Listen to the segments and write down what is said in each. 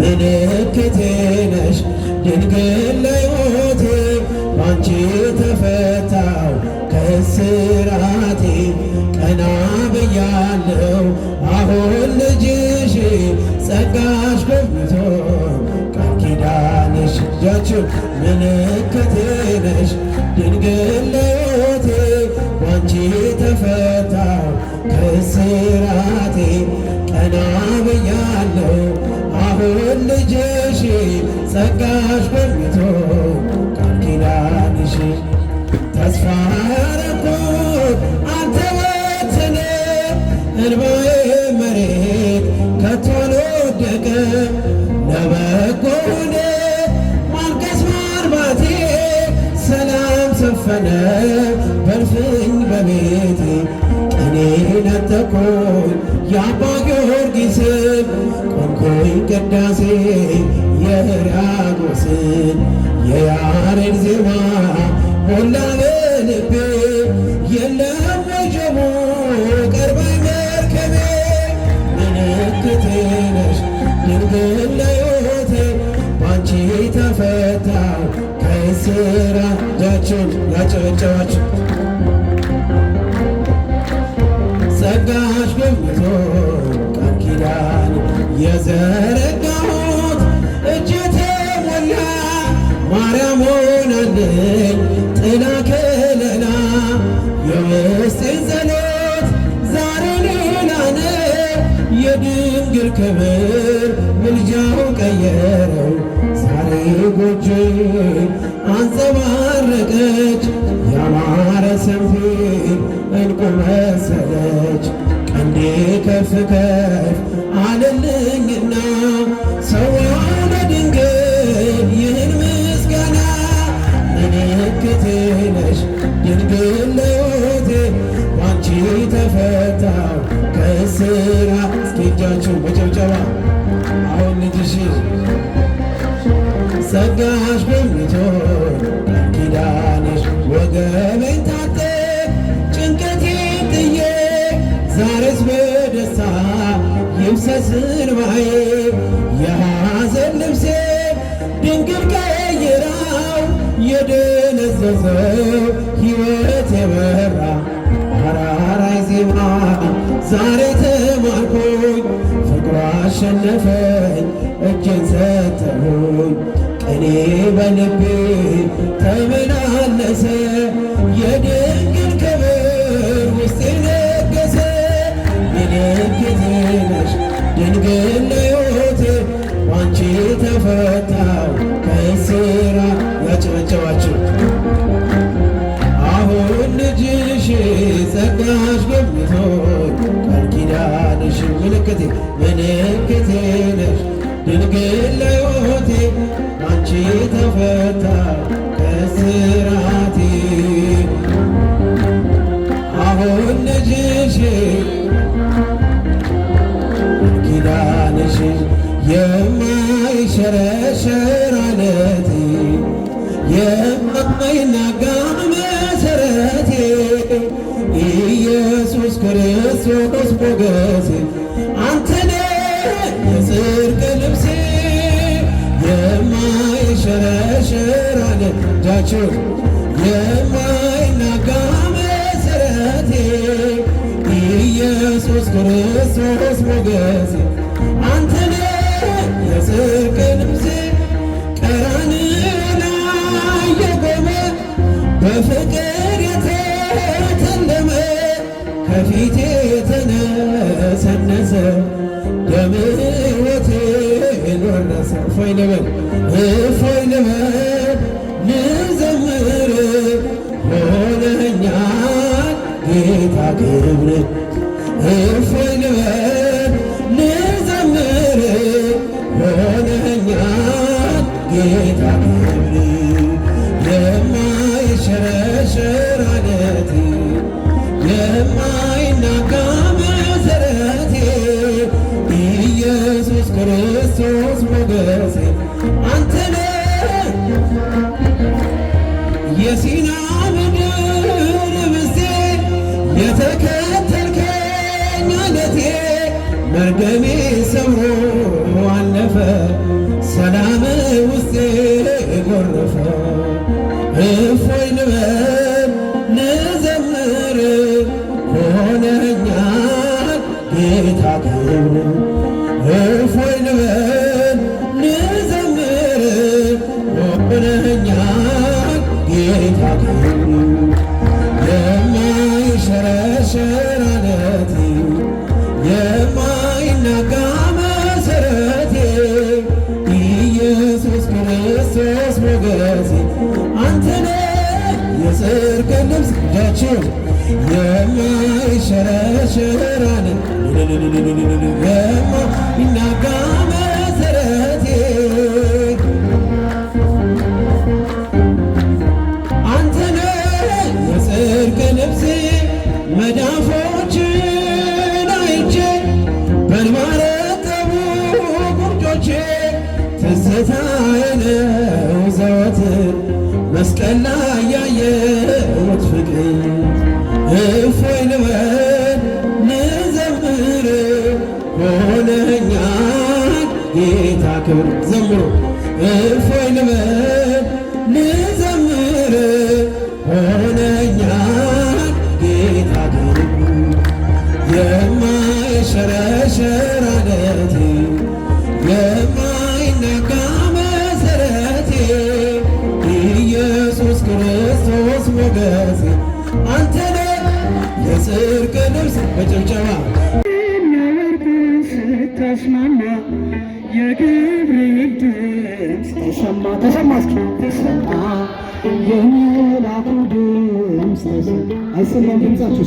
ምልክቴ ነሽ ድንግል ለሕይወቴ ባንቺ ተፈታው ከእስራቴ ቀና ብያለው አሁን ልጅሽ ጸጋሽ ገብቶ ቃል ኪዳንሽ እጃችን አብን ልጅሽ ጸጋሽ በርቶ ቃል ኪዳንሽ ተስፋ ያረኩት አንተ ወትነ እንባዬ መሬት ከቶ አልወደቀም ለበጎ ሆነ ማልቀስ ማርባቴ ሰላም ሰፈነ በልፍኝ በቤት የቅዳሴ የራጎስን የያሬድ ዜማ ሞላ በልቤ የለም ወጀቡ ቀርባይ መርከቤ ምልክቴ ነሽ ድንግል ለሕይወቴ ባንቺ ተፈታው ከእስራት እጃችን ያጨበጨባችሁ የቅድስት ጸሎት ዛሬ ሌላ ነው። የድንግል ክብር ምልጃው ቀየረው። ዛሬ ጎጆ አንጸባረቀች፣ ያማረ ሰንፊር እንቁ መሰለች። ቀንዴ ከፍ ከፍ አለልኝ እስራ እስኪጃችሁ በጨብጨባ አሁን ልጅሽ ጸጋሽ በልቶ ኪዳንሽ ወገበኝ ታጠ ጭንቀቴን ጥዬ ዛሬስ በደስታ ይብሰስን ባዬ የሐዘን ልብሴ ድንግል ቀይራው የደነዘዘው ሕይወት የበራ አራራይ ዜማ ዛሬ ተማርኩኝ ፍቅሯ አሸነፈኝ እጄን ሰጠሁኝ ቅኔ በልቤ ተመላለሰ የድንግ በፍቅር የተተለመ ከፊቴ የተነሰነሰ ደም ሕይወቴን ወረሰ። እፎይ ልበል እፎይ ልበል ልዘምር ሆነኛል ጌታ ክብር እፎይ ልበል ልዘምር ሆነኛል ጌታ መርገሜ ሰብሮ አለፈ ሰላም ውስጤ ጎረፈ እፎይ ልበል ሞገስ አንተ የጽድቅ ልብስ በጭብጨባ ተስማማ የገብርኤል ድምፅ ተሰማ ተሰማ ተሰማ የመላኩ ድምፅ አይሰማም ድምፃችሁ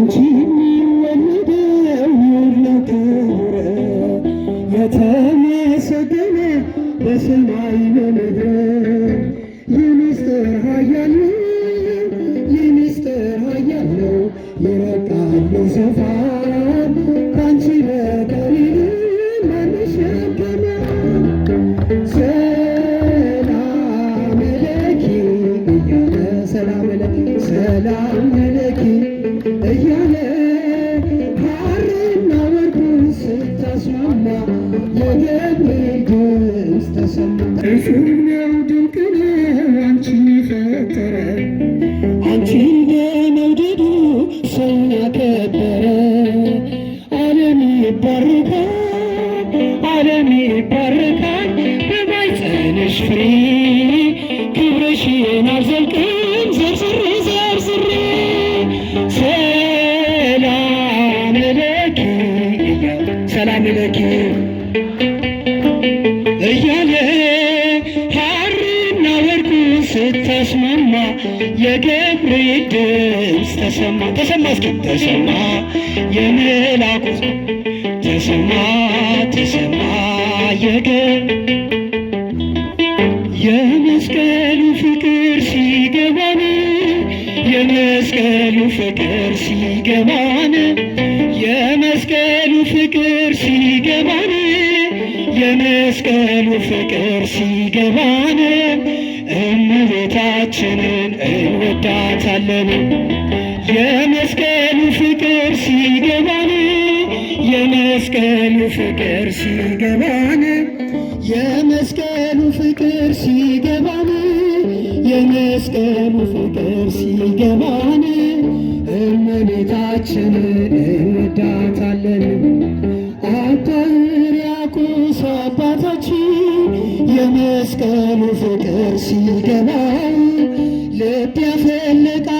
Don't you? ይባረካል፣ ዓለም ይባረካል በማኅፀንሽ ፍሬ ክብርሽን አልዘልቅም ዘርዝሬ ዘርዝሬ ሰላም ለኪ ሰላም ለኪ እያለ ሐርና ወርቁን ስታስማማ የገብርኤል ድምፅ ተሰማ ተሰማ እስኪ ተሰማ የመላኩ ተሰማ ተሰማ የገብ የመስቀሉ ፍቅር ሲገባን የመስቀሉ ፍቅር ሲገባን የመስቀሉ ፍቅር ሲገባን የመስቀሉ ፍቅር ሲገባን እመቤታችንን እንወዳታለን የመስቀሉ ፍቅር ሲገባን የመስቀሉ ፍቅር ሲገባን የመስቀሉ ፍቅር ሲገባን የመስቀሉ ፍቅር ሲገባን እመቤታችን እንዳታለን። አባህር ያቆስ አባታችን የመስቀሉ ፍቅር ሲገባን ልብ ያፈልቃል!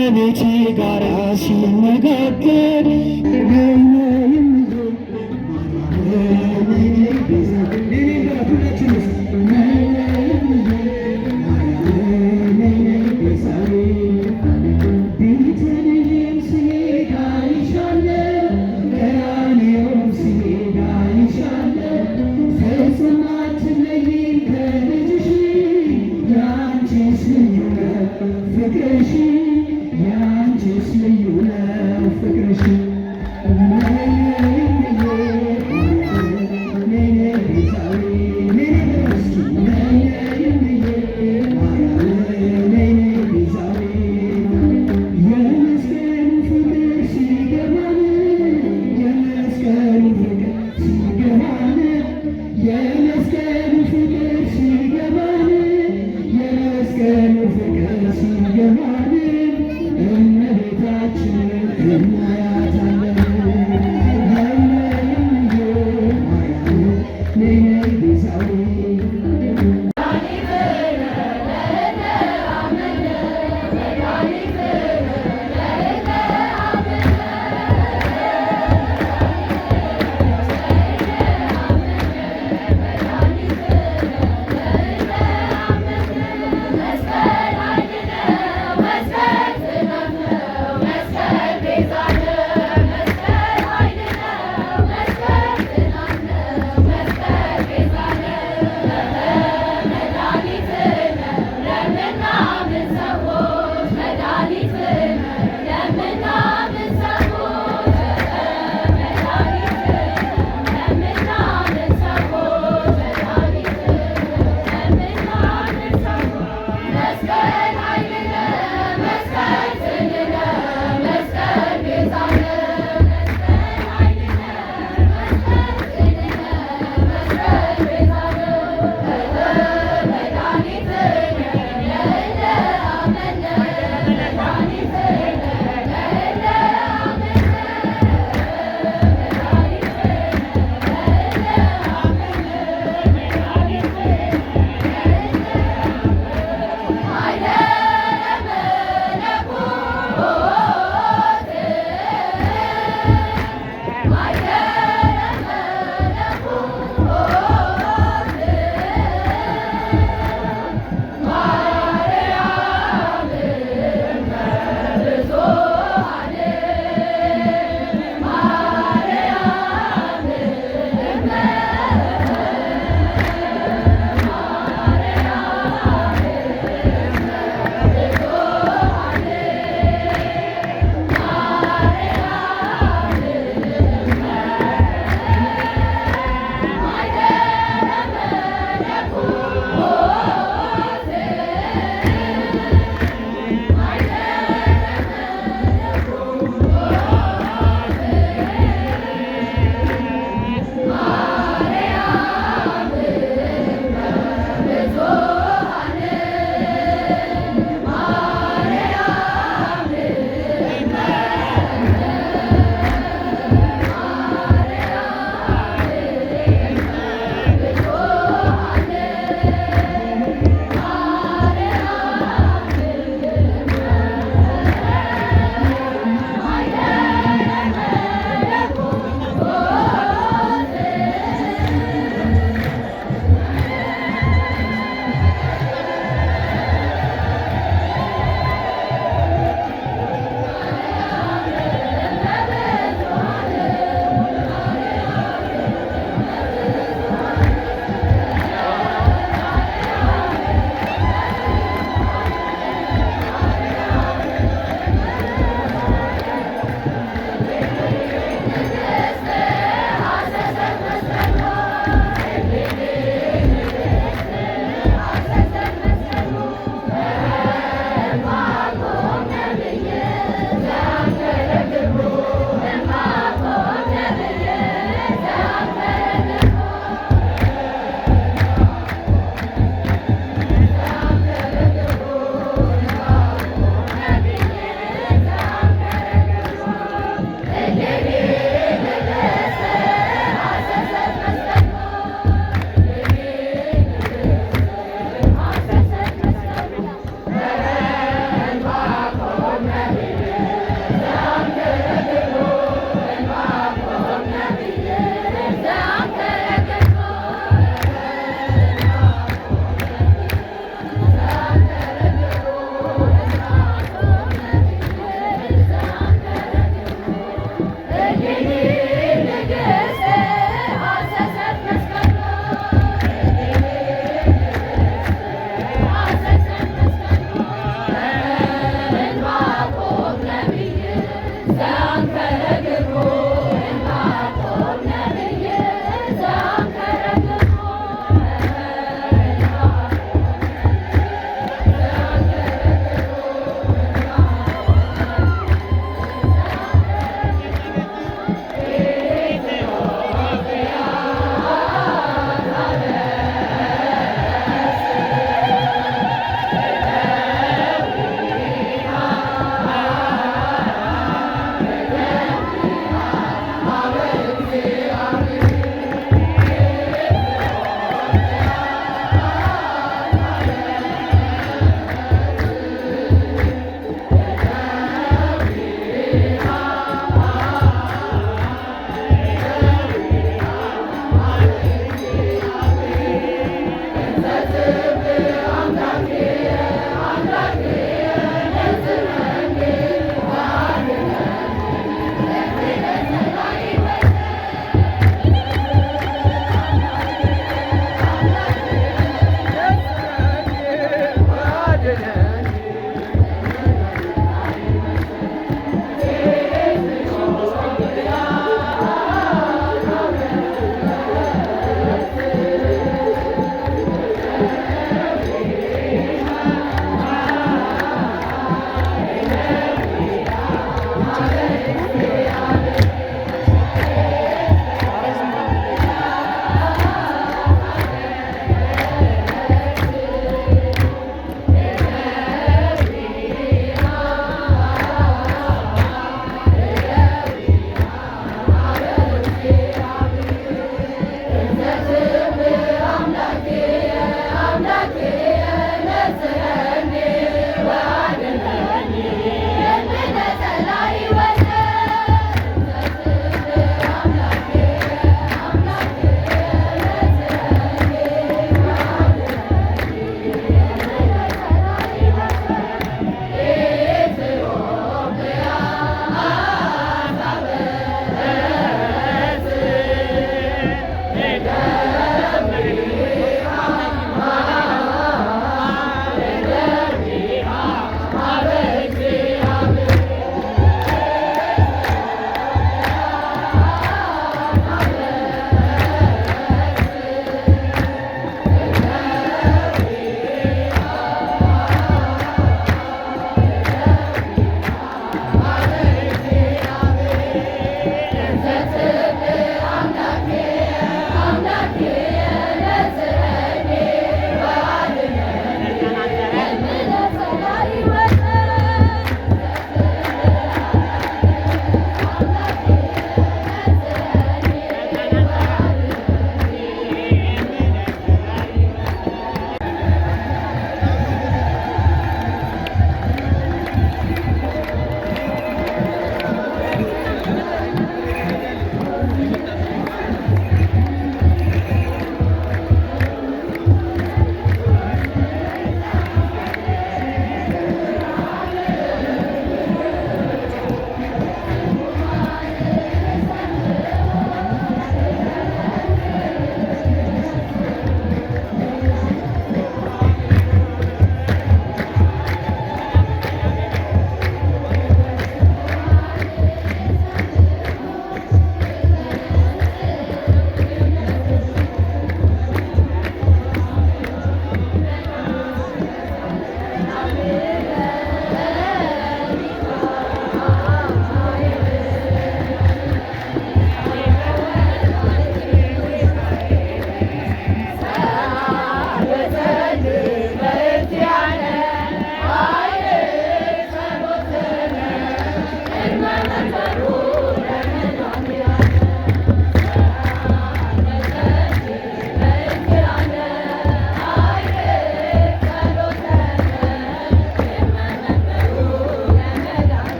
ከቤቴ ጋር ሲነጋገር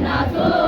not good.